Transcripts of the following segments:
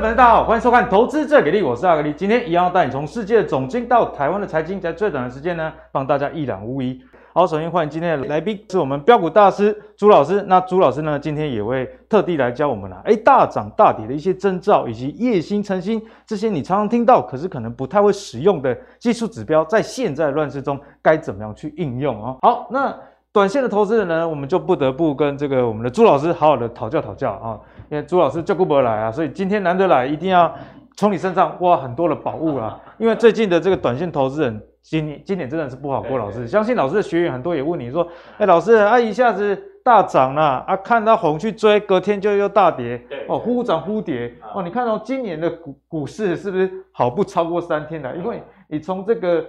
大家好，歡迎收看《投資最給力》，我是阿格力。今天一樣要帶你從世界的總經到台灣的財經，在最短的時間呢，幫大家一覽無遺。好，首先歡迎今天的來賓是我們飆股大師朱老師。那朱老師呢，今天也會特地來教我們啊，哎，大漲大跌的一些徵兆，以及夜星晨星這些你常常聽到，可是可能不太會使用的技術指標，在現在亂世中該怎麼樣去應用啊？好，那短線的投資人呢，我們就不得不跟這個我們的朱老師好好的討教討教啊。因為朱老師叫不回來啊，所以今天難得來，一定要從你身上挖很多的寶物啦。因為最近的這個短線投資人，今年今年真的是不好過。老師，相信老師的學員很多也問你說、欸：“誒老師，啊一下子大漲了，啊看到紅去追，隔天就又大跌，哦，忽漲忽跌，哦，你看到、哦、今年的股股市是不是好不超過三天的、啊？因為你從這個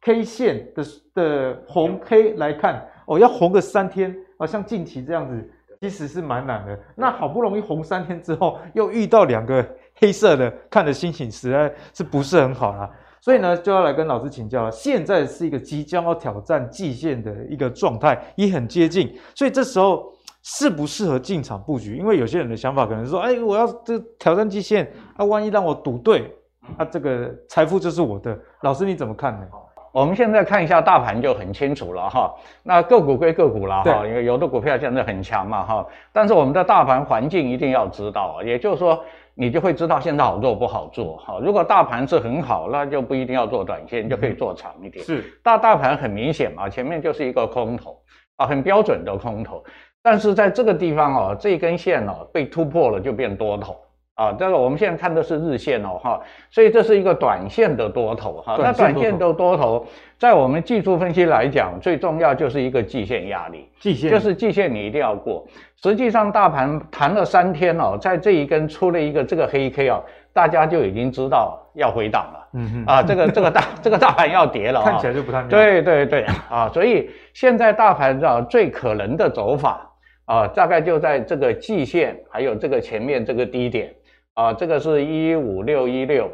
K 線的的紅 K 來看，哦，要紅個三天啊，像近期這樣子。”其實是蠻難的，那好不容易紅三天之後，又遇到兩個黑色的，看的心情實在是不是很好啦、啊。所以呢，就要來跟老師請教了。現在是一個即將要挑戰季線的一個狀態，也很接近，所以這時候適不適合進場布局？因為有些人的想法可能說，哎，我要這挑戰季線，那、啊、萬一讓我賭對，那、啊、這個財富就是我的。老師你怎麼看呢？我們現在看一下大盤就很清楚了哈，那個股歸個股了哈，因為對有的股票現在很強嘛哈，但是我們的大盤環境一定要知道、啊，也就是說你就會知道現在好做不好做哈。如果大盤是很好，那就不一定要做短線，嗯、就可以做長一點。是，但大盤很明顯嘛，前面就是一個空頭啊，很標準的空頭，但是在這個地方哦、啊，這根線哦、啊，被突破了就變多頭。啊，這個我們現在看的是日線哦，哈、哦，所以這是一個短線的多頭哈。那、啊、短，短線的多頭，在我們技術分析來講，最重要就是一個季線壓力，季線就是季線你一定要過。實際上，大盤彈了三天哦，在這一根出了一個這個黑 K 哦，大家就已經知道要回檔了。嗯嗯哼啊，這個這個大 這個大盤要跌了、哦，看起來就不太對對對啊。所以現在大盤的、啊、最可能的走法啊，大概就在這個季線，還有這個前面這個低點。啊，這個是一五六一六，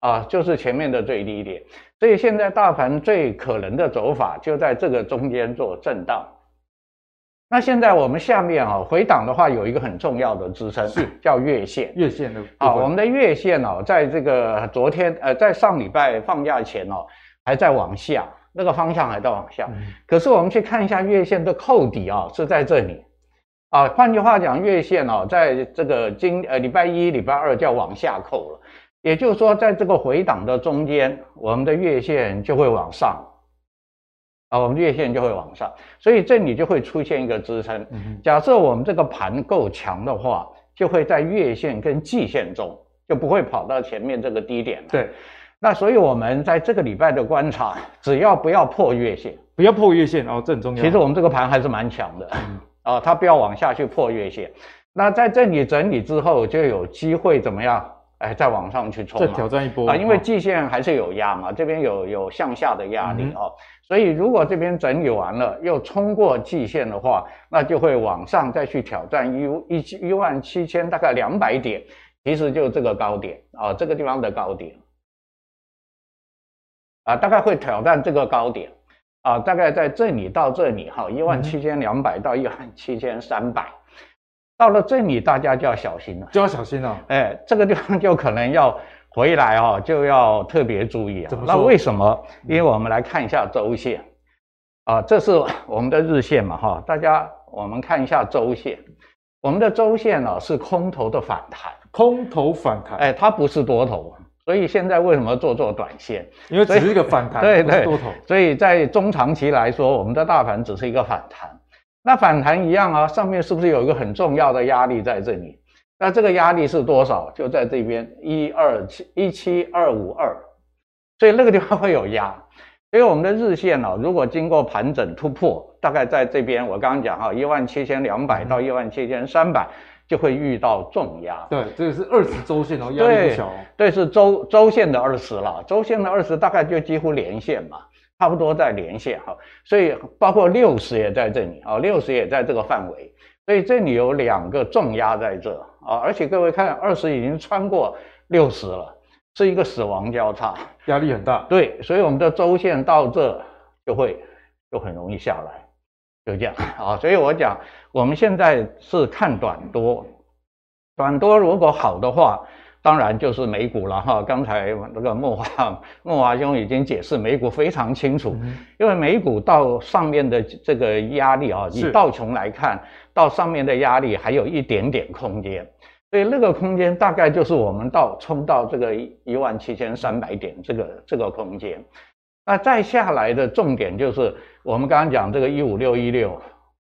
啊，就是前面的最低點，所以現在大盤最可能的走法就在這個中間做震盪。那現在我們下面啊、哦、回檔的話，有一個很重要的支撐，是叫月線。月線的，啊，我們的月線哦，在這個昨天呃，在上禮拜放假前哦，還在往下，那個方向還在往下。嗯、可是我們去看一下月線的扣底啊、哦，是在這裡。啊，換句話講，月線哦，在這個今呃禮拜一、禮拜二就要往下扣了。也就是說，在這個回檔的中間，我們的月線就會往上，啊，我們月線就會往上，所以這裡就會出現一個支撐。嗯、哼假設我們這個盤夠強的話，就會在月線跟季線中就不會跑到前面這個低點了。對，那所以我們在這個禮拜的觀察，只要不要破月線，不要破月線哦，正中。其實我們這個盤還是蠻強的。嗯啊，它、哦、不要往下去破月線，那在這裡整理之後，就有機會怎麼樣？哎，再往上去衝。再挑戰一波啊，因為季線還是有壓嘛，這邊有有向下的壓力啊、哦，嗯嗯。所以如果這邊整理完了，又衝過季線的話，那就會往上再去挑戰一一七一萬七千大概兩百點，其實就這個高點啊、哦，這個地方的高點啊，大概會挑戰這個高點。啊、呃，大概在這裡到這裡哈、哦，一萬七千兩百到一萬七千三百，到了這裡大家就要小心了，就要小心了。哎，這個地方就可能要回來哦，就要特別注意啊。那為什麼？因為我們來看一下週線，嗯、啊，這是我們的日線嘛哈，大家我們看一下週線，我們的週線呢、啊、是空頭的反彈，空頭反彈，哎，它不是多頭。所以現在為什麼做做短線？因為只是一個反彈，對對。所以在中長期來說，我們的大盤只是一個反彈。那反彈一樣啊，上面是不是有一個很重要的壓力在這裡？那這個壓力是多少？就在這邊，一二七一七二五二，所以那個地方會有壓。所以我們的日線啊，如果經過盤整突破，大概在這邊，我剛剛講啊，一萬七千兩百到一萬七千三百。就會遇到重壓，對，這個是二十周線，哦，然後壓力不小，對，對，是周周線的二十了，周線的二十大概就幾乎連線嘛，差不多在連線哈，所以包括六十也在這裡啊，六十也在這個範圍，所以這裡有兩個重壓在這啊，而且各位看二十已經穿過六十了，是一個死亡交叉，壓力很大，對，所以我們的周線到這就會就很容易下來。就這樣啊，所以我講，我們現在是看短多，短多如果好的話，當然就是美股了哈。剛才那個莫華莫華兄已經解釋美股非常清楚，因為美股到上面的這個壓力啊，是以道瓊來看，到上面的壓力還有一點點空間，所以那個空間大概就是我們到衝到這個一萬七千三百點這個這個空間。那再下來的重點就是我們剛剛講這個一五六一六，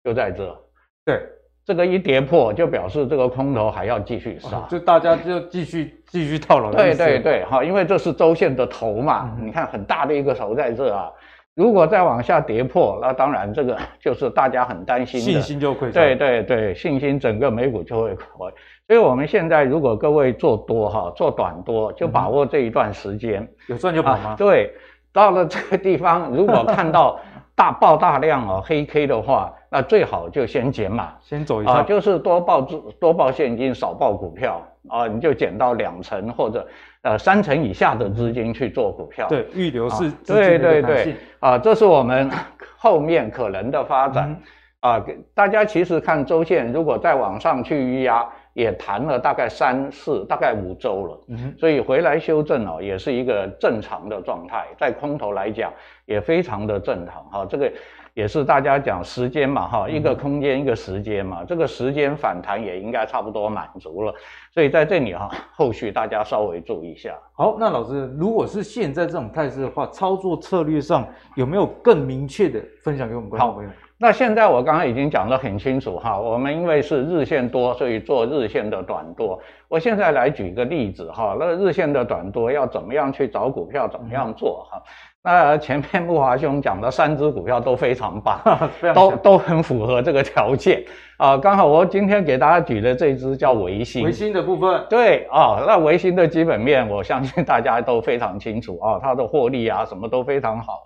就在這，對，這個一跌破就表示這個空頭還要繼續殺，哦、就大家就繼續繼續套牢。對對對，哈，因為這是周線的頭嘛，嗯、你看很大的一個頭在這啊，如果再往下跌破，那當然這個就是大家很擔心的，信心就會。對對對，信心整個美股就會垮。所以我們現在如果各位做多哈，做短多就把握這一段時間，嗯、有賺就跑嗎？啊、對。到了這個地方，如果看到大爆大量哦， 黑 K 的話，那最好就先減碼，先走一下、呃，就是多報資多報現金，少報股票啊、呃，你就減到兩成或者呃三成以下的資金去做股票。對，啊、預留是資金的彈性、啊。對對對，啊、呃，這是我們後面可能的發展啊、嗯呃。大家其實看周線，如果再往上去壓。也彈了大概三四，大概五周了，嗯、哼所以回來修正也是一個正常的狀態，在空頭來講也非常的正常哈。這個也是大家講時間嘛哈，一個空間，一個時間嘛，嗯、哼這個時間反彈也應該差不多滿足了，所以在這裡哈，後續大家稍微注意一下。好，那老師，如果是現在這種態勢的話，操作策略上有沒有更明確的分享給我們觀眾朋友？那現在我剛剛已經講得很清楚哈，我們因為是日線多，所以做日線的短多。我現在來舉一個例子哈，那個、日線的短多要怎麼樣去找股票，怎麼樣做哈？嗯、那前面木華兄講的三隻股票都非常棒，常都都很符合這個條件啊。剛好我今天給大家舉的這隻叫微星，微星的部分對啊、哦，那微星的基本面我相信大家都非常清楚啊、哦，它的獲利啊什麼都非常好。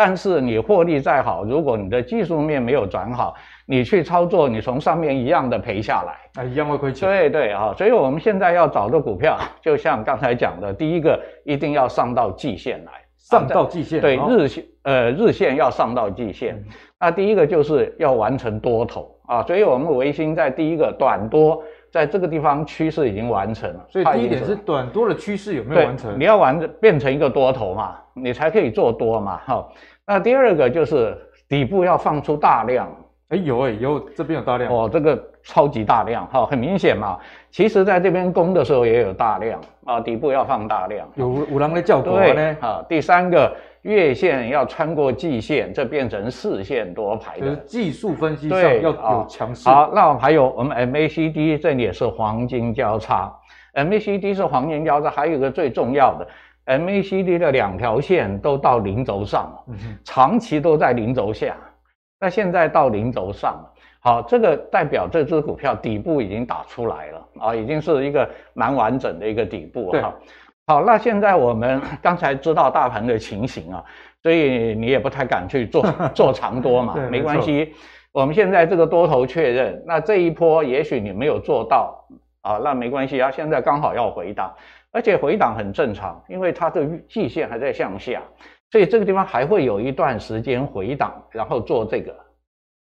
但是你獲利再好，如果你的技術面沒有轉好，你去操作，你從上面一樣的賠下來。啊，一樣會虧錢。對對啊、哦，所以我們現在要找的股票，就像剛才講的，第一個一定要上到季線來，上到季線。啊、對、哦、日線，呃，日線要上到季線。嗯、那第一個就是要完成多頭啊，所以我們維新在第一個短多。在這個地方趨勢已經完成了，所以第一點是短多的趨勢有沒有完成？你要完成變成一個多頭嘛，你才可以做多嘛，哈、哦。那第二個就是底部要放出大量。哎有哎有，這邊有大量哦，這個超級大量哈、哦，很明顯嘛。其實在這邊攻的時候也有大量啊、哦，底部要放大量。有五五浪的較多呢，哈對樣、哦。第三個。月線要穿過季線，這變成四線多排的。技術分析上要有強勢。好，那我們還有我們 MACD，這裡也是黃金交叉。MACD 是黃金交叉，還有一個最重要的，MACD 的兩條線都到零軸上，長期都在零軸下，那現在到零軸上。好，這個代表這隻股票底部已經打出來了啊，已經是一個蠻完整的一個底部哈。好，那現在我們剛才知道大盤的情形啊，所以你也不太敢去做做長多嘛， 對沒關係。錯我們現在這個多頭確認，那這一波也許你沒有做到啊，那沒關係啊，現在剛好要回檔，而且回檔很正常，因為它的季線還在向下，所以這個地方還會有一段時間回檔，然後做這個。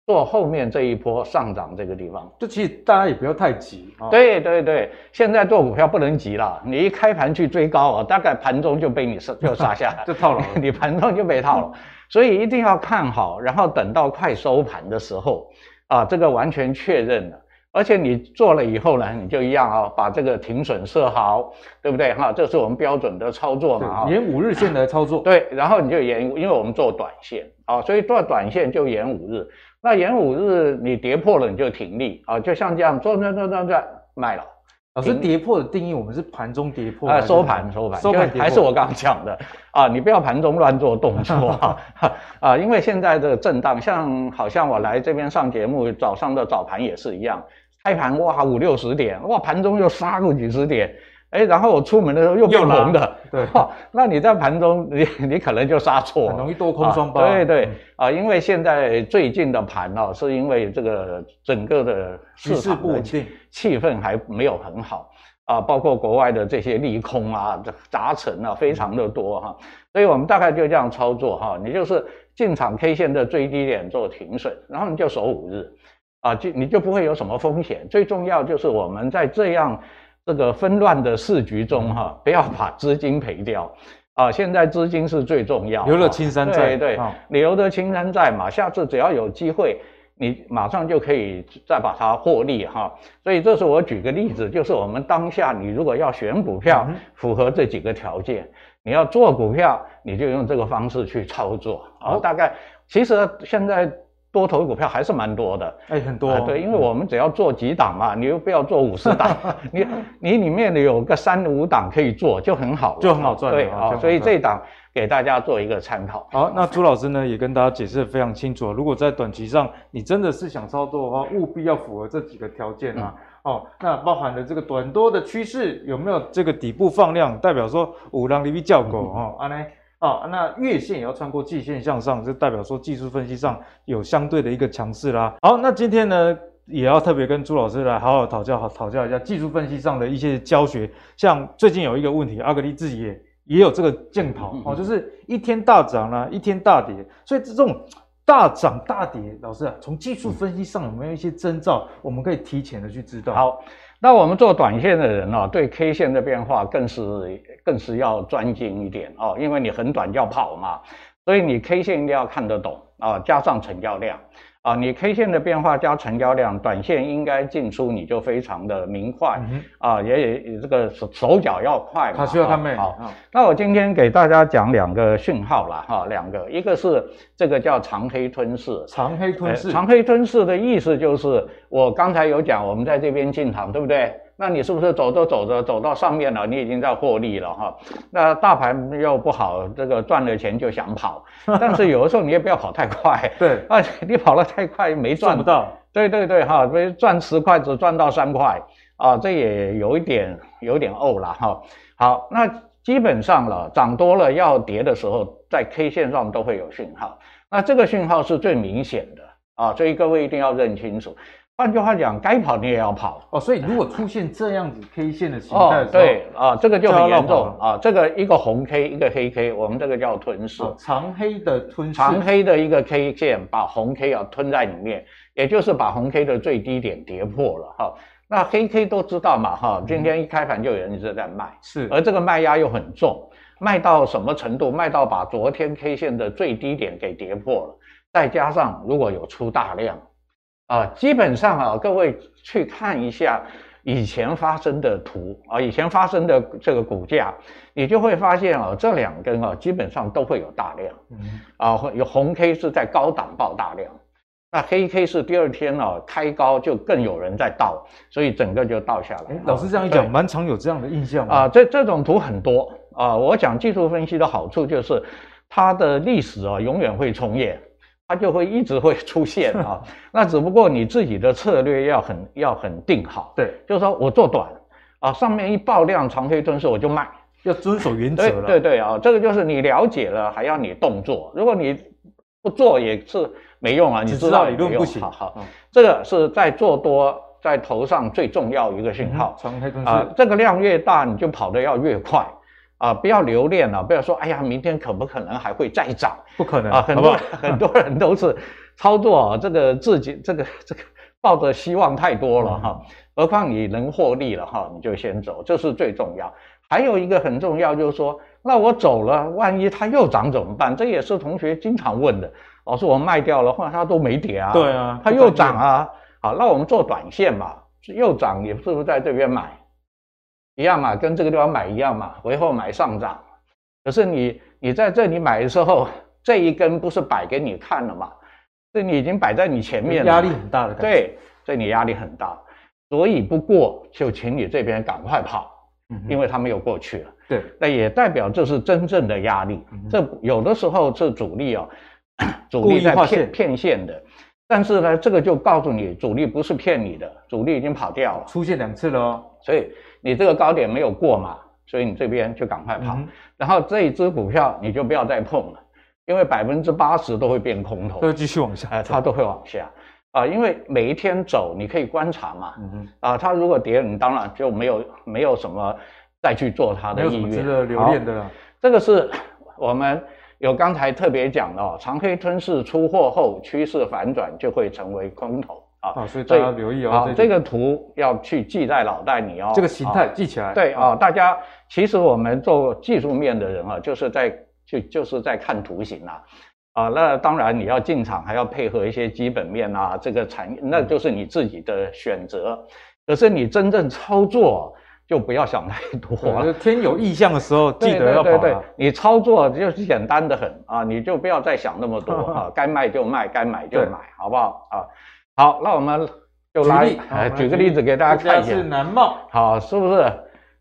做後面這一波上漲這個地方，這其實大家也不要太急啊。哦、對對對，現在做股票不能急了，你一開盤去追高啊，大概盤中就被你殺就殺下來，就， 就套了， 你盤中就被套了。 所以一定要看好，然後等到快收盤的時候啊，這個完全確認了。而且你做了以後呢，你就一樣啊、哦，把這個停損設好，對不對哈？這是我們標準的操作嘛哈。沿五日線來操作。 對，然後你就沿，因為我們做短線啊，所以做短線就沿五日。那沿五日你跌破了，你就停利啊，就像這樣做，轉轉轉轉，賣了。老師，啊、跌破的定義，我們是盤中跌破，啊、呃，收盤收盤。收盤，收盤還是我剛剛講的啊，你不要盤中亂做動作啊， 啊、啊，因為現在的震盪，像好像我來這邊上節目，早上的早盤也是一樣。開盤哇五六十點，哇盤中又殺個幾十點，哎，然後我出門的時候又紅的對哈、哦、那你在盤中你你可能就殺錯了，很容易多空雙巴、啊、對對啊、呃、因為現在最近的盤哦，是因為這個整個的局勢不穩，氣氛還沒有很好啊，包括國外的這些利空啊雜陳啊，非常的多哈、嗯、所以我們大概就這樣操作哈、哦、你就是進場 K 線的最低點做停損，然後你就守五日。啊，就你就不會有什麼風險。最重要就是我們在這樣這個紛亂的市局中，哈，不要把資金賠掉。啊，現在資金是最重要，留得青山在，對對，哦、留得青山在嘛，下次只要有機會，你馬上就可以再把它獲利哈。所以這是我舉個例子，就是我們當下你如果要選股票，符合這幾個條件，嗯、哼你要做股票，你就用這個方式去操作。好、哦、大概其實現在。多頭股票還是蠻多的，哎、欸，很多、哦啊。對，因為我們只要做幾檔嘛，你又不要做五十檔， 你你裡面有個三五檔可以做，就很好，就很好賺。對啊，哦、所以這一檔給大家做一個參考。好，那朱老師呢也跟大家解釋得非常清楚。如果在短期上你真的是想操作的話，對務必要符合這幾個條件啊。嗯、哦，那包含了這個短多的趨勢有沒有這個底部放量，代表說五浪裡面較高哦，安內。哦，那月線也要穿過季線向上，就代表說技術分析上有相對的一個強勢啦。好，那今天呢，也要特別跟朱老師來好好討教，好討教一下技術分析上的一些教學。像最近有一個問題，阿格力自己也也有這個鏡頭，哦，就是一天大漲啦、啊，一天大跌，所以這種大漲大跌，老師啊，從技術分析上有沒有一些徵兆，嗯、我們可以提前的去知道？好，那我們做短線的人啊、哦，對 K 線的變化更是。更是要專精一點哦，因為你很短要跑嘛，所以你 K 線一定要看得懂啊，加上成交量啊，你 K 線的變化加成交量，短線應該進出你就非常的明快、嗯、哼啊，也也這個手手腳要快嘛。他需要他啊、好，嗯、那我今天給大家講兩個訊號啦，哈、啊，兩個，一個是。這個叫長黑吞噬，長黑吞噬，呃，長黑吞噬的意思就是，我剛才有講，我們在這邊進場，對不對？那你是不是走着走着走到上面了？你已經在獲利了哈。那大盤又不好，這個賺了錢就想跑，但是有的時候你也不要跑太快。 對，啊，你跑得太快沒賺不到。對對對哈，賺十塊只賺到三塊，啊，這也有一點有一點嘔了哈。好，那，基本上了，漲多了要跌的時候，在 K 線上都會有信號，那這個信號是最明顯的啊，所以各位一定要認清楚。換句話講，該跑你也要跑哦。所以如果出現這樣子 K 線的形態的時候，哦、對啊，這個就很嚴重啊。這個一個紅 K，一個黑 K，我們這個叫吞噬，哦、長黑的吞噬，長黑的一個 K 線把紅 K 要吞在裡面，也就是把紅 K 的最低點跌破了哈。那黑 K 都知道嘛，哈，今天一開盤就有人一直在賣，是、嗯，而這個賣壓又很重，賣到什麼程度？賣到把昨天 K 線的最低點給跌破了，再加上如果有出大量，啊、呃，基本上啊，各位去看一下以前發生的圖啊、呃，以前發生的這個股價，你就會發現啊，這兩根啊，基本上都會有大量，啊、呃，有紅 K 是在高檔爆大量。那黑 K 是第二天哦，開高就更有人在倒，所以整個就倒下來了。誒老師這樣一講，對蠻常有這樣的印象啊、呃。這這種圖很多啊、呃。我講技術分析的好處就是，它的歷史啊、哦、永遠會重演，它就會一直會出現啊、哦。的那只不過你自己的策略要很要很定好，對，就是說我做短啊、呃，上面一爆量長黑吞噬我就賣，要遵守原則了。對，對對啊、哦，這個就是你了解了還要你動作，如果你不做也是。沒用啊，你知道你知道理論不行，好好嗯、這個是在做多在頭上最重要一個信號、嗯、啊。這個量越大，你就跑得要越快啊！不要留戀了，不要說哎呀，明天可不可能還會再漲？不可能啊！很多不很多人都是操作、啊嗯、這個自己這個這個抱着希望太多了哈。何、嗯、況你能獲利了哈，你就先走，這是最重要。還有一個很重要就是說，那我走了，萬一他又漲怎麼辦？這也是同學經常問的。老師，我們賣掉了，後來它都沒跌啊。對啊，它又漲啊。好，那我們做短線嘛，又漲你是不是在這邊買，一樣嘛，跟這個地方買一樣嘛，回後買上漲。可是你你在這裡買的時候，這一根不是擺給你看了嘛？這你已經擺在你前面了，壓力很大的。對，這你壓力很大，所以不過就請你這邊趕快跑，嗯、哼因為它沒有過去了。對，那也代表這是真正的壓力。嗯、哼這有的時候是主力啊、哦。主力在騙騙線，線的，但是呢，這個就告訴你，主力不是騙你的，主力已經跑掉了，出現兩次了、哦，所以你這個高點沒有過嘛，所以你這邊就趕快跑，嗯、然後這一只股票你就不要再碰了，嗯、因為百分之八十都會變空頭，都繼續往下，它、啊、對都會往下，啊，因為每一天走你可以觀察嘛，嗯、啊，它如果跌，你當然就沒有沒有什麼再去做它的意願，值得留戀的了，這個是我們。有剛才特別講了、哦，長黑吞噬出貨後趨勢反轉就會成為空頭啊，啊，所以大家留意、哦、對啊。這個圖要去記在腦袋裡哦。這個形態記起來。啊對啊，大家其實我們做技術面的人啊，就是在就就是在看圖形啦啊，啊。那當然你要進場還要配合一些基本面啊，這個產業那就是你自己的選擇。嗯、可是你真正操作。就不要想太多了。就是、天有異象的時候， 對對對對記得要跑、啊。對對對，你操作就是簡單的很啊，你就不要再想那麼多啊，該賣就賣，該買就買， 好不好啊？好，那我們就來舉，例舉個例子給大家看一下。這是南茂，好，是不是？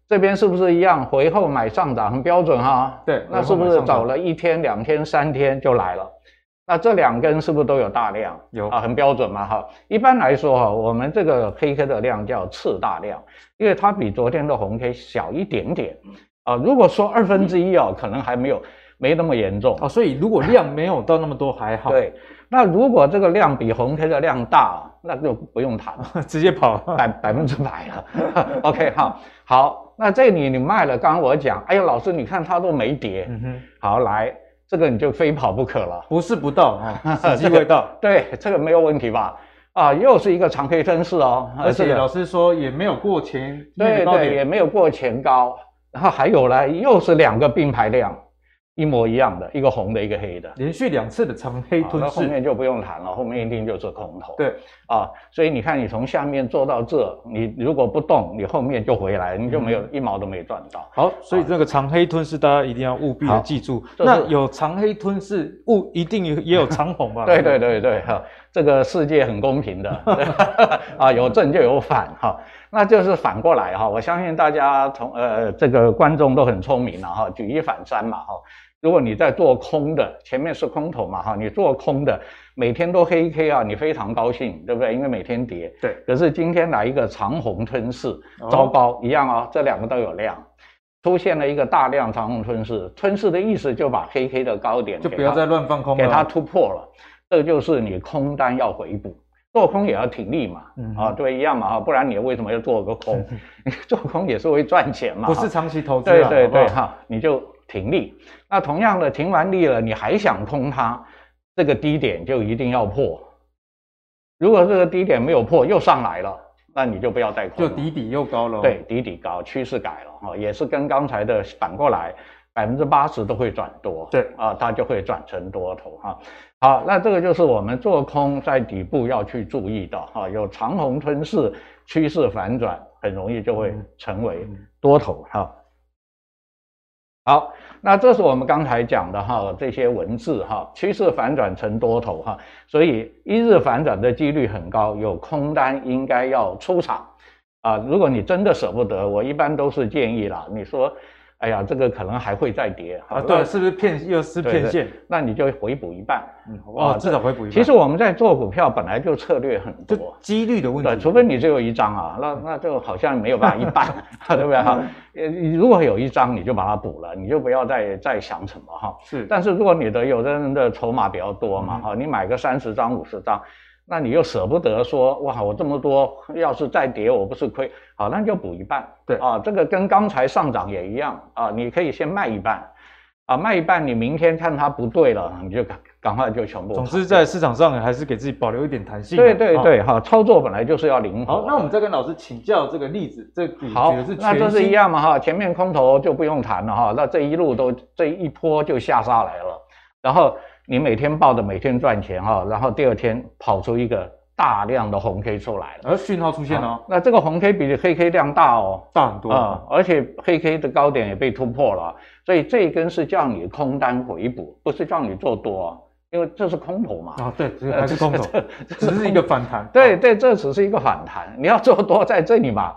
這邊是不是一樣？回後買上漲很標準哈、啊？對，那是不是早了一天、兩天、三天就來了？那這兩根是不是都有大量？有啊，很標準嘛，哈。一般來說、啊，哈，我們這個黑 K 的量叫次大量，因為它比昨天的紅 K 小一點點，啊，如果說二分之一哦，嗯、可能還沒有沒那麼嚴重啊、哦。所以如果量沒有到那麼多 還好。對。那如果這個量比紅 K 的量大，那就不用談，了， 直接跑百百分之百了。 OK，哈。好，那這裡你賣了，剛剛我講，哎呀，老師，你看它都沒跌。嗯哼。好，來。這個你就非跑不可了，不是不到啊，是機會到，這個。對，這個沒有問題吧？啊，又是一個長黑分式哦，而且，而且老師說也沒有過前，對對，也沒有過前高，然後還有呢，又是兩個並排量。一模一樣的，一個紅的，一個黑的，連續兩次的長黑吞噬，哦、那後面就不用談了，後面一定就是空頭。對啊、哦，所以你看，你從下面做到這，你如果不動，你後面就回來，你就沒有、嗯、一毛都沒賺到。好，哦、所以這個長黑吞噬，大家一定要務必的記住。就是、那有長黑吞噬，物一定也有長紅吧？ 就對對對對，哈、哦，這個世界很公平的，啊、 哦，有正就有反，哈、哦，那就是反過來哈、哦。我相信大家從呃這個觀眾都很聰明了哈、哦，舉一反三嘛，哈、哦。如果你在做空的，前面是空頭嘛哈，你做空的，每天都黑 K 啊，你非常高興，對不對？因為每天跌。對。可是今天來一個長紅吞噬，哦、糟糕，一樣哦，這兩個都有量，出現了一個大量長紅吞噬，吞噬的意思就把黑 K 的高點就不要再亂放空，給它突破了，這就是你空單要回補，做空也要停利嘛，啊、嗯哦，對，一樣嘛哈，不然你為什麼要做個空？嗯、哼你做空也是為賺錢嘛，不是長期投資、啊。對對對，哈，你就。停利，那同樣的停完利了，你還想空它，這個低點就一定要破。如果這個低點沒有破，又上來了，那你就不要再空了，就底底又高了、哦。對，底底高，趨勢改了哈，也是跟剛才的反過來，百分之八十都會轉多。對啊，它就會轉成多頭哈。好，那這個就是我們做空在底部要去注意的哈，有長紅吞噬，趨勢反轉，很容易就會成為多頭哈。嗯嗯好，那這是我們剛才講的哈，這些文字哈，趨勢反轉成多頭哈，所以一日反轉的幾率很高，有空單應該要出場啊，呃。如果你真的舍不得，我一般都是建議啦，你說。哎呀，這個可能還會再跌啊！對，是不是騙？又是騙線？那你就回補一半，嗯，好不好？至少回補一半。其實我們在做股票本來就策略很多，幾率的問題。對，除非你只有一張啊，嗯、那那就好像沒有辦法一半， 對不對？哈、嗯，呃，如果有一張你就把它補了，你就不要再再想什麼哈。是，但是如果你的有的人的籌碼比較多嘛，哈、嗯，你買個三十張、五十張。那你又捨不得說哇，我這麼多，要是再跌，我不是虧？好，那就補一半。對啊，這個跟剛才上漲也一樣啊，你可以先賣一半，啊，賣一半，你明天看它不對了，你就趕趕快就全部。總之，在市場上還是給自己保留一點彈性。對對對，哈、哦，操作本來就是要靈活。好，那我們再跟老師請教這個例子，這好，那這是一樣嘛，哈，前面空頭就不用談了哈，那這一路都這一波就下殺來了，然後。你每天抱著每天賺錢哈、哦，然後第二天跑出一個大量的紅 K 出來了，而訊、呃、號出現了、啊，那這個紅 K 比黑 K 量大哦，大很多啊、呃，而且黑 K 的高點也被突破了，所以這一根是叫你空單回補，不是叫你做多啊，因為這是空頭嘛。啊，對，還是空頭、呃只是，只是一個反彈。對對，這只是一個反彈，你要做多在這裡嘛？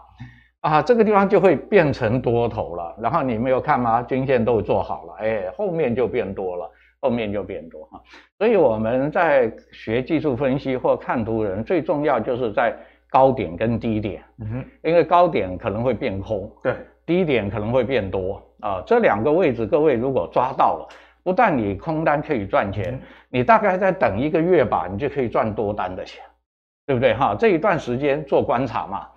啊，這個地方就會變成多頭了。然後你沒有看嗎？均線都做好了，哎，後面就變多了。後面就變多哈，所以我們在學技術分析，或看圖人，最重要就是在高點跟低點，嗯哼，因為高點可能會變空，對，低點可能會變多啊。這兩個位置，各位如果抓到了，不但你空單可以賺錢，嗯、你大概再等一個月吧，你就可以賺多單的錢，對不對哈？這一段時間做觀察嘛，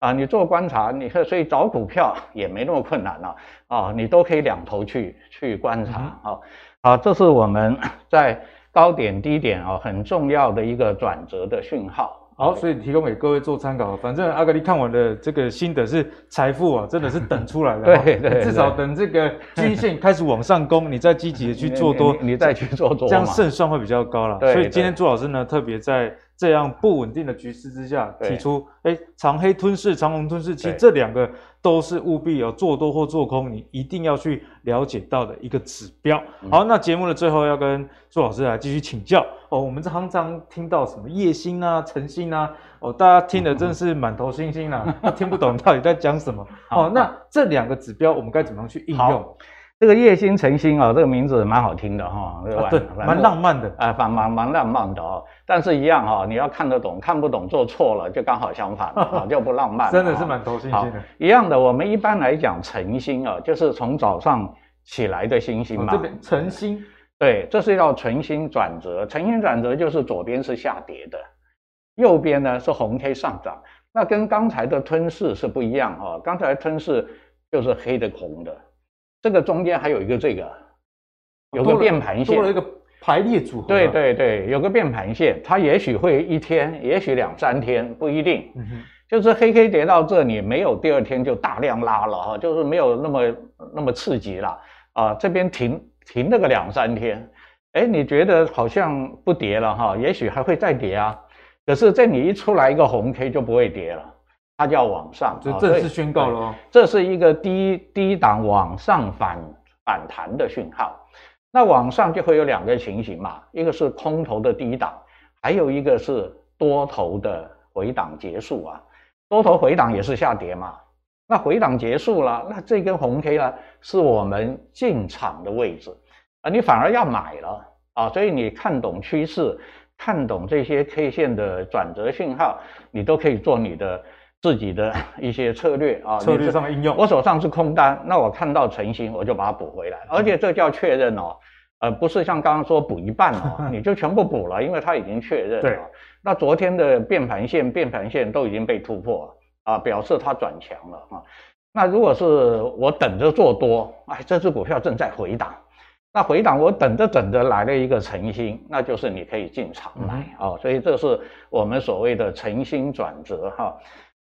啊，你做觀察，你看，所以找股票也沒那麼困難了啊，啊，你都可以兩頭去去觀察、嗯、啊。啊，這是我們在高點低點啊、哦、很重要的一個轉折的訊號。好，對所以提供給各位做參考。反正阿哥力，你看我的這個心得是財富啊，真的是等出來了、哦。 對對至少等這個均線開始往上攻， 你再積極的去做多，你，你，你，你再去做多，這樣勝算會比較高了。對所以今天朱老師呢，對特別在這樣不穩定的局勢之下，提出哎對、欸，長黑吞噬、長紅吞噬，對其實這兩個，都是務必有做多或做空，你一定要去了解到的一個指標。好，那節目的最後要跟朱老師來繼續請教哦。我們常常聽到什麼夜星啊、晨星啊，哦，大家聽得真的真是滿頭星星啊， 啊，聽不懂到底在講什麼。 好哦，那這兩個指標我們該怎麼樣去應用？這個夜星晨星啊，這個名字蠻好聽的哈、哦，對、啊、對蠻浪漫的啊，蠻蠻蠻浪漫的哦。但是一樣哈、哦，你要看得懂，看不懂做錯了就剛好相反了，呵呵就不浪漫、哦。真的是蠻頭星星的。一樣的，我們一般來講晨星啊、哦，就是從早上起來的星星嘛。哦、這邊晨星對。對，這是叫晨星轉折。晨星轉折就是左邊是下跌的，右邊呢是紅 K 上漲。那跟剛才的吞噬是不一樣哈、哦，剛才吞噬就是黑的紅的。這個中間還有一個這個，有個變盤線，做了，了一個排列組合啊。對對對，有個變盤線，它也許會一天，也許兩三天，不一定。嗯哼。就是黑 K 跌到這裡，沒有第二天就大量拉了哈，就是沒有那麼那麼刺激了啊。這邊停停了個兩三天，哎，你覺得好像不跌了哈，也許還會再跌啊。可是這裡一出來一個紅 K，就不會跌了。它叫往上，就正式宣告了哦，這是一個低低檔往上反反彈的訊號。那往上就會有兩個情形嘛，一個是空頭的低檔，還有一個是多頭的回檔結束啊。多頭回檔也是下跌嘛，那回檔結束了，那這根紅 K 啊，是我們進場的位置啊，你反而要買了啊，所以你看懂趨勢，看懂這些 K 線的轉折訊號，你都可以做你的。自己的一些策略啊，策略上的應用。我手上是空單，那我看到晨星，我就把它補回來。而且這叫確認哦，呃，不是像剛剛說補一半哦， 你就全部補了，因為它已經確認了。對那昨天的變盤線、變盤線都已經被突破了啊，表示，它轉強了啊。那如果是我等着做多，哎，這隻股票正在回檔，那回檔我等着等着來了一個晨星，那就是你可以進場買啊、嗯哦。所以這是我們所謂的晨星轉折哈。啊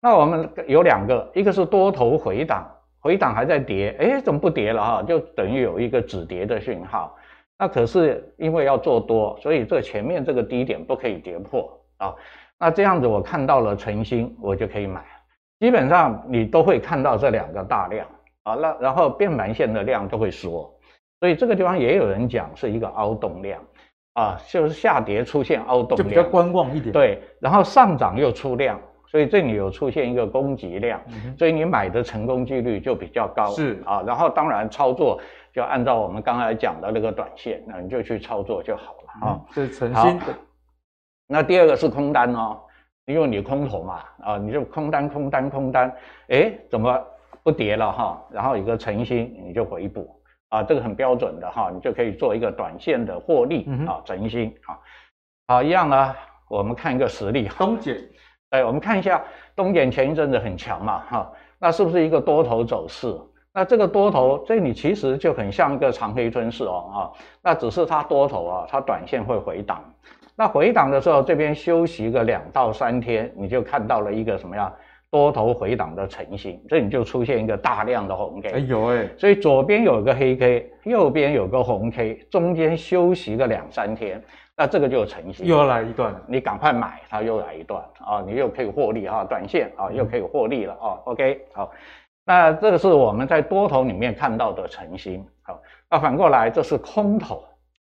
那我們有兩個，一個是多頭回檔，回檔還在跌，哎，怎麼不跌了哈、啊？就等於有一個止跌的訊號。那可是因為要做多，所以這前面這個低點不可以跌破啊。那這樣子我看到了晨星，我就可以買。基本上你都會看到這兩個大量啊，那然後變盤線的量就會縮。所以這個地方也有人講是一個凹洞量啊，就是下跌出現凹洞，就比較觀望一點。對，然後上漲又出量。所以這裡有出現一個攻擊量，嗯、哼所以你買的成功幾率就比較高。是啊，然後當然操作就按照我們剛才講的那個短線，那你就去操作就好了、嗯、啊。是晨星。那第二個是空單哦，因為你空頭嘛啊，你就空單空單空單，誒怎麼不跌了哈、啊？然後一個晨星，你就回補啊，這個很標準的哈、啊，你就可以做一個短線的獲利、嗯、哼啊，晨星。啊，一樣呢，我們看一個實例，哎，我們看一下，東電前一陣子很強嘛，哈、哦，那是不是一個多頭走勢？那這個多頭這裡其實就很像一個長黑吞噬哦，啊、哦，那只是它多頭啊，它短線會回檔，那回檔的時候，這邊休息個兩到三天，你就看到了一個什麼呀？多頭回檔的成型，這裡就出現一個大量的紅 K，哎呦，哎，欸、所以左邊有一個黑 K，右邊有個紅 K，中間休息個兩三天，那這個就有成型，又要來一段，你趕快買，它又來一段啊、哦，你又可以獲利哈，短、哦、線啊、哦、又可以獲利了啊、嗯哦，OK 好，那這個是我們在多頭裡面看到的成型，好，那反過來這是空頭，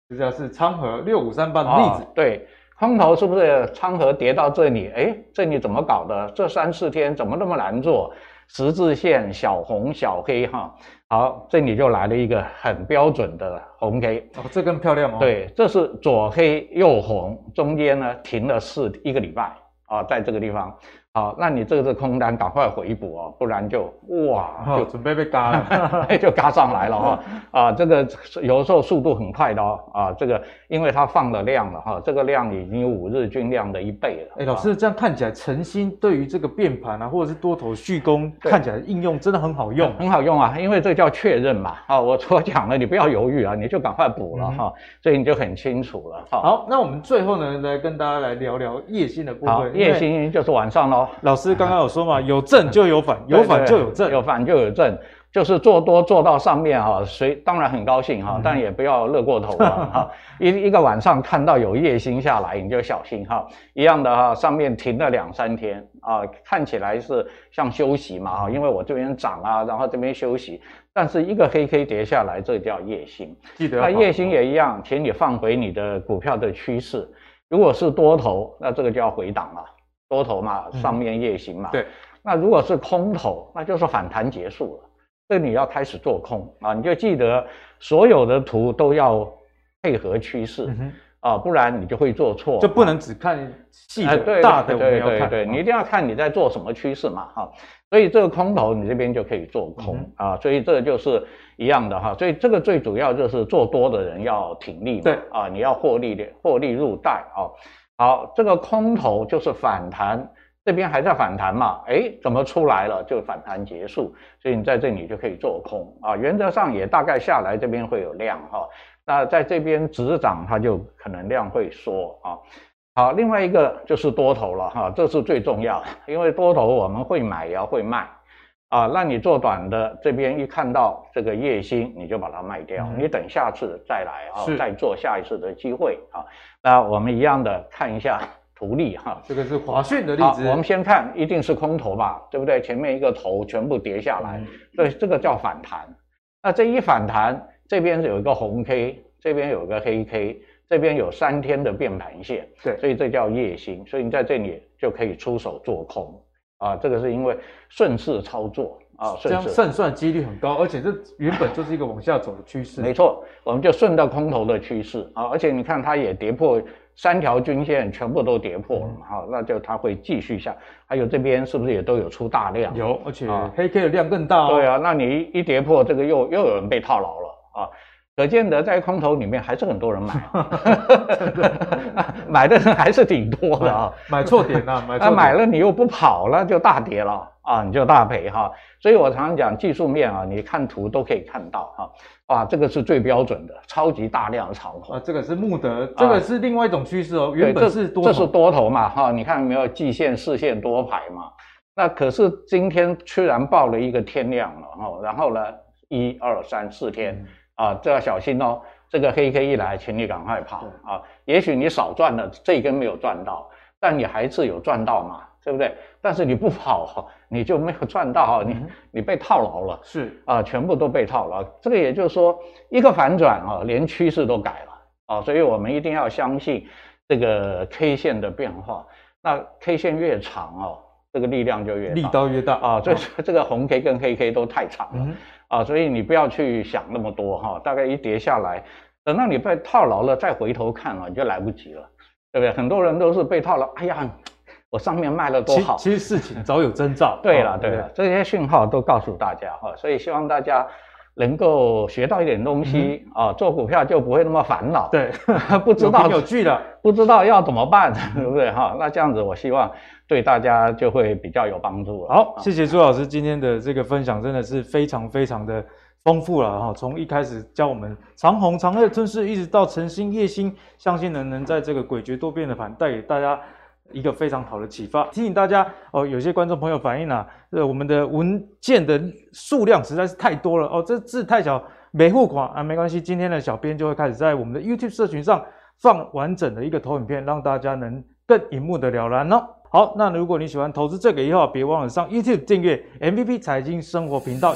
實際上是倉和六五三八的例子，哦、對。空頭是不是倉盒疊到這裡？哎，這裡怎麼搞的？這三四天怎麼那麼難做？十字線小紅小黑哈，好，這裡就來了一個很標準的紅 K。哦，這更漂亮哦。對，這是左黑右紅，中間呢停了四一個禮拜啊，哦，在這個地方。好，那你這個是空單，趕快回補哦，不然就哇，就、哦、準備被嘎，哈， 就嘎上來了哈、哦。 啊，這個有時候速度很快的哦。啊，這個因為它放了量了哈，這個量已經有五日均量的一倍了。哎、欸，老師、啊、這樣看起來，晨星對於這個變盤啊，或者是多頭續攻，看起來應用真的很好用、啊，很好用啊。因為這個叫確認嘛。啊，我我講了，你不要猶豫啊，你就趕快補了哈、嗯哼啊。所以你就很清楚了。啊、好，那我們最後呢，來跟大家來聊聊夜星的部分。好為夜星就是晚上嘍。老師剛剛有說嘛，有正就有反，有反就有正，對對，有反就有正，就是做多做到上面哈，誰當然很高興哈，但也不要樂過頭了哈。一 一個晚上看到有夜星下來，你就小心哈。一樣的哈，上面停了兩三天啊，看起來是像休息嘛啊，因為我這邊漲啊，然後這邊休息，但是一個黑 K 跌下來，這叫夜星。記得，那夜星也一樣，哦、請你放回你的股票的趨勢，如果是多頭，那這個就要回檔了。多頭嘛，上面夜星嘛。嗯、對，那如果是空頭，那就是反彈結束了，這你要開始做空啊！你就記得所有的圖都要配合趨勢、嗯、哼啊，不然你就會做錯。這不能只看細的大的沒看。對對對，你一定要看你在做什麼趨勢嘛哈、啊。所以這個空頭你這邊就可以做空、嗯、哼啊，所以這個就是一樣的哈、啊。所以這個最主要就是做多的人要停利嘛，對啊，你要獲利的獲利入袋啊。好，這個空頭就是反彈，這邊還在反彈嘛？誒，怎麼出來了？就反彈結束，所以你在這裡就可以做空啊。原則上也大概下來，這邊會有量哈、啊。那在這邊止漲，它就可能量會縮啊。好，另外一個就是多頭了哈、啊，這是最重要的，因為多頭我們會買也要會賣啊。那你做短的，這邊一看到這個夜星，你就把它賣掉，是你等下次再來啊，是再做下一次的機會啊。那我們一樣的看一下圖例哈，這個是華訊的例子。好，我們先看，一定是空頭吧，對不對？前面一個頭全部跌下來，嗯、所以這個叫反彈。那這一反彈，這邊有一個紅 K，這邊有一個黑 K，這邊有三天的變盤線，對，所以這叫夜星。所以你在這裡就可以出手做空啊，這個是因為順勢操作。啊，這樣勝算幾率很高，而且這原本就是一個往下走的趨勢。 沒錯，我們就順到空頭的趨勢啊，而且你看它也跌破三條均線，全部都跌破了嘛，嗯、那就它會繼續下。還有這邊是不是也都有出大量？有，而且黑 K 的量更大、哦。對啊，那你一跌破這個又，又又有人被套牢了啊，可見得在空頭裡面還是很多人買， 的 買的人還是挺多的啊。買錯點了，買錯了，買了你又不跑了，就大跌了。啊，你就大賠哈，所以我常常講技術面啊，你看圖都可以看到哈啊，啊，這個是最標準的超級大量炒啊，這個是穆德，這個是另外一種趨勢哦，啊、原本是多頭這，這是多頭嘛哈、啊，你看沒有季線、四線多排嘛？那可是今天居然爆了一個天量了哈、啊，然後呢，一二三四天啊，這要小心哦，這個黑 K 一來，請你趕快跑對啊，也許你少賺了這一根沒有賺到，但你還是有賺到嘛。對不對？但是你不跑，你就沒有賺到，嗯、你你被套牢了。是啊，全部都被套牢。這個也就是說，一個反轉啊，連趨勢都改了啊。所以我們一定要相信這個 K 線的變化。那 K 線越長哦、啊，這個力量就越大，力道越大啊。所以、啊、這個紅 K 跟黑 K 都太長了，了、嗯嗯、啊，所以你不要去想那麼多哈、啊。大概一跌下來，等到你被套牢了，再回頭看啊，你就來不及了，對不對？很多人都是被套牢。哎呀。嗯我上面賣了多好？其實事情早有徵兆。 對了，對了，對吧這些訊號都告訴大家哈，所以希望大家能夠學到一點東西啊，嗯嗯，做股票就不會那麼煩惱。對， 不知道有據了，不知道要怎麼辦，對不對哈？那這樣子，我希望對大家就會比較有幫助。好，謝謝朱老師、嗯、今天的這個分享，真的是非常非常的豐富了哈。從一開始教我們長紅、長樂吞噬一直到晨星、夜星，相信能能在這個詭譎多變的盤帶給大家。一個非常好的啟發，提醒大家哦，有些觀眾朋友反映啊，呃，我們的文件的數量實在是太多了哦，這字太小，沒付款，啊，沒關係，今天的小編就會開始在我們的 YouTube 社群上放完整的一個投影片，讓大家能更一目了然哦。好，那如果你喜歡投資這個以後，別忘了上 YouTube 訂閱 MVP 財經生活頻道。